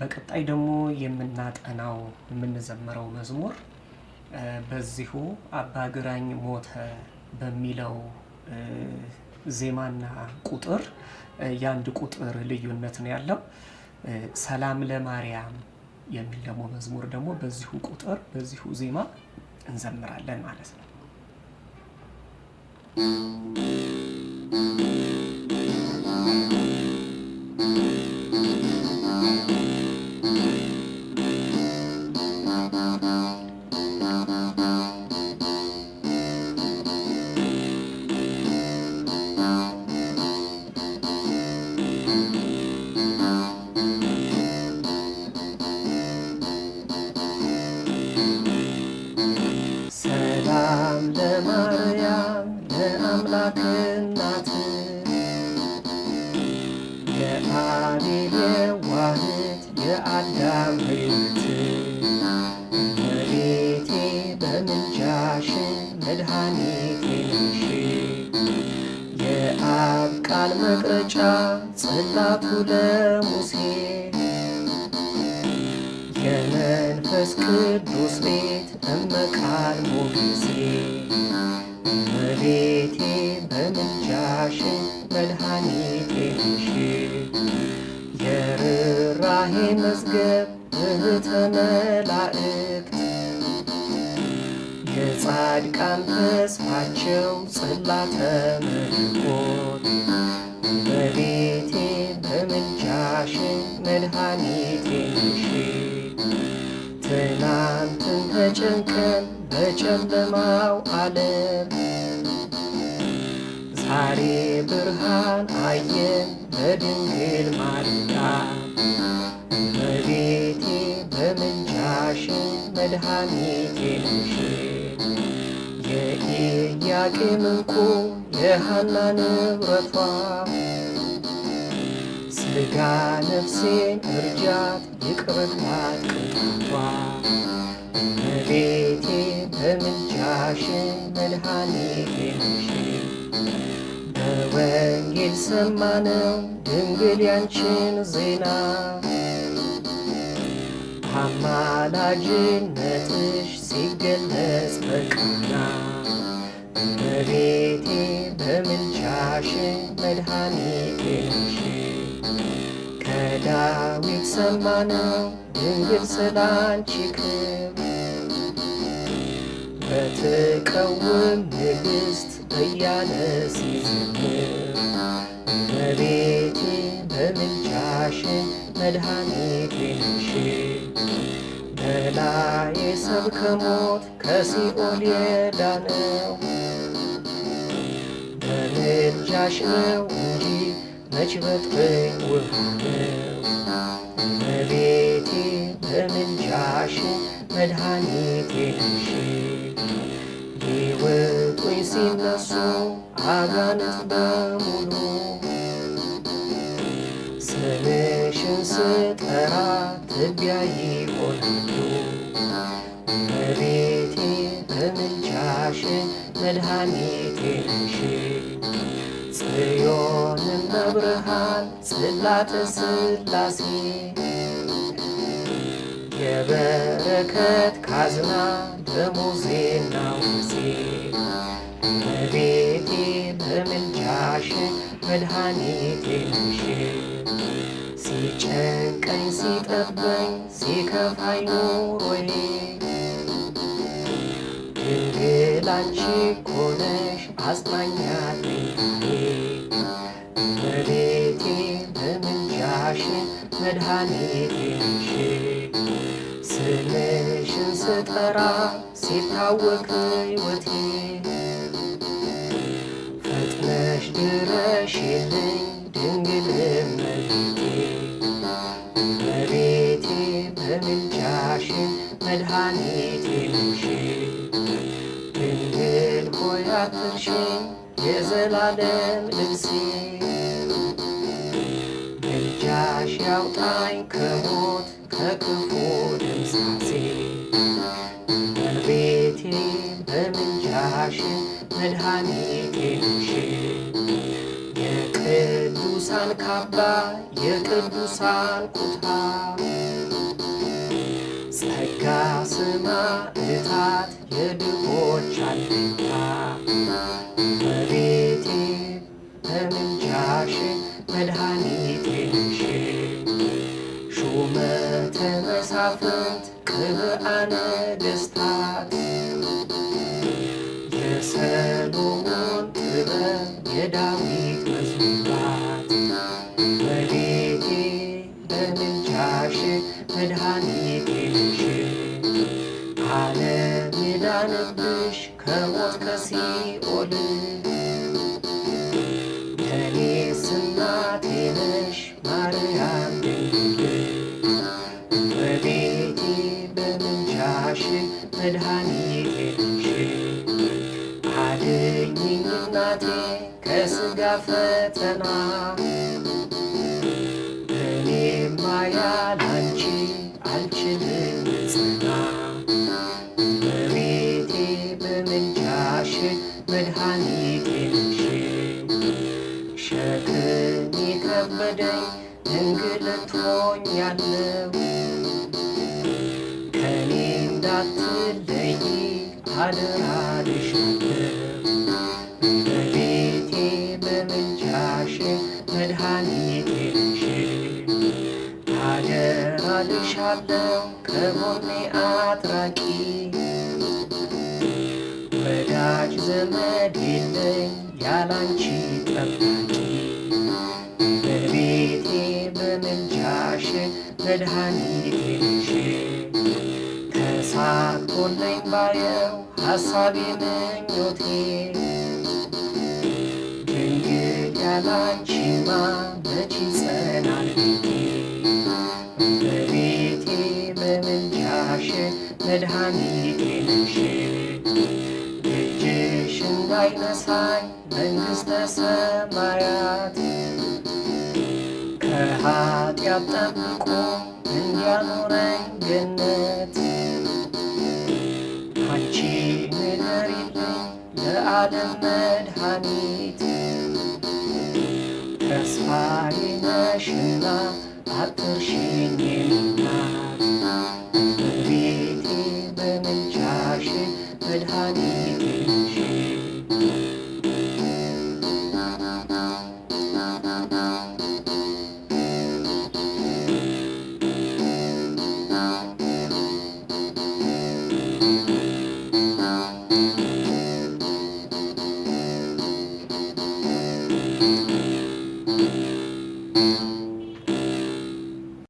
በቀጣይ ደግሞ የምናጠናው የምንዘምረው መዝሙር በዚሁ አባግራኝ ሞተ በሚለው ዜማና ቁጥር የአንድ ቁጥር ልዩነት ነው ያለው። ሰላም ለማርያም የሚል ደግሞ መዝሙር ደግሞ በዚሁ ቁጥር በዚሁ ዜማ እንዘምራለን ማለት ነው። Thank you. የአዳም ሕይወት እመቤቴ በምልጃሽ መድኃኒቴ ነሽ። የአብ ቃል መቅረጫ ጽላቱ ለሙሴ የመንፈስ ቅዱስ ቤት እመቃል ሞገሴ እመቤቴ በምልጃሽ መድኃኒቴ ነሽ። የርኅራኄ መዝገብ እህተ መላእክት የጻድቃን ተስፋቸው ጽላተ መለኮት እመቤቴ በምልጃሽን መድኃኒቴ ነሽ። ትናንትን ተጨንቀን በጨለማው ዓለም ዛሬ ብርሃን አየን በድንግል ማርያም እመቤቴ በምልጃሽ መድኃኒቴ ነሽ። የኢያቄም እንቁ የሐና ንብረቷ ስጋ ነፍሴን እርጃት ይቅርላት ቅጣቷ። እመቤቴ በምልጃሽ መድኃኒቴ ነሽ። ወንጌል ሰማነው ድንግል ያንችን ዜና አማላጅነትሽ ሲገለጽ በቃና እመቤቴ በምልጃሽ መድኃኒቴ ነሽ። ከዳዊት ሰማነው ድንግል ስላንቺ ክብር በትቀውም ንግሥት እያለ ሲዘምር እመቤቴ በምልጃሽ መድኃኒቴ ነሽ በላዬ ሰብ ከሞት ከሲኦል የዳነው በምልጃሽ ነው እንጂ መች በጥብቅ ውሃነው እመቤቴ በምልጃሽ መድኃኒቴ ነሽ ይወ ከሞቶኝ ሲነሱ አጋንንት በሙሉ ስምሽን ስጠራ ትቢያ ይሆናሉ። እመቤቴ በምልጃሽ መድኃኒቴ ነሽ። ጽዮንን በብርሃን ጽላተ ሥላሴ የበረከት ካዝና በሙሴና ሙሴ እመቤቴ በምልጃሽ መድኃኒቴ ነሽ። ሲጨንቀኝ ሲጠበኝ ሲከፋኝ ኑሮዬ ድንግል አንቺ እኮ ነሽ አጽናኛቴ እመቤቴ በምልጃሽ መድኃኒቴ ነሽ። ስምሽን ስጠራ ሲታወቅ ሕይወቴ ፈጥነሽ ድረሽልኝ ድንግል እመቤቴ እመቤቴ በምልጃሽን መድኃኒቴ ነሽ ድንግል ሆይ አትርሽኝ የዘላለም ልብሴ ያውጣኝ ከሞት ከክፉ ድምሳሴ መቤቴ በምልጃሽ መድኃኒቴሽ የቅዱሳን ካባ የቅዱሳን ኩታ ጸጋ ሰማዕታት የድሆች አለኝታ መቤቴ በምልጃሽ መድኃኒቴሽ ጣፋፍት ከበዓለ ደስታ የሰሎሞን ጥበብ የዳዊት መዝሙራት መቤቴ በምልጃሽ መድኃኒቴ ነሽ ዓለም የዳነብሽ ከሞት ከሲኦል ለኔስ እናቴ ነሽ ማርያም ድንግል ሽ መድኃኒቴ ሽ እናቴ ከስጋ ፈተና እኔማ ያለ አንቺ አልችልም ጽና በቤቴ በምልጃሽ መድኃኒቴ ሸክም የከበደኝ እንግልት ሆኛለሁ እንዳትለይ አደራልሻለሁ እመቤቴ በምልጃሽ መድኃኒቴ ነሽ። አደራልሻለሁ ከጎኔ አትራቂ ወዳጅ ዘመድ የለኝ ያላንቺ ጠባቂ እመቤቴ በምልጃሽ መድኃኒቴ ነሽ። ተሳክቶልኝ ባየው ሀሳቤ ምኞቴ ድንግል ያላንቺማ መቼ ይጸናል እመቤቴ በምልጃሽ መድኃኒቴ ነሽ እጅሽ እንዳይነሳኝ መንግሥተ ሰማያት ከኃጢአት ጠብቆ እንዲያኖረኝ ገነት Badener Hadid. Das war die Naschela, hat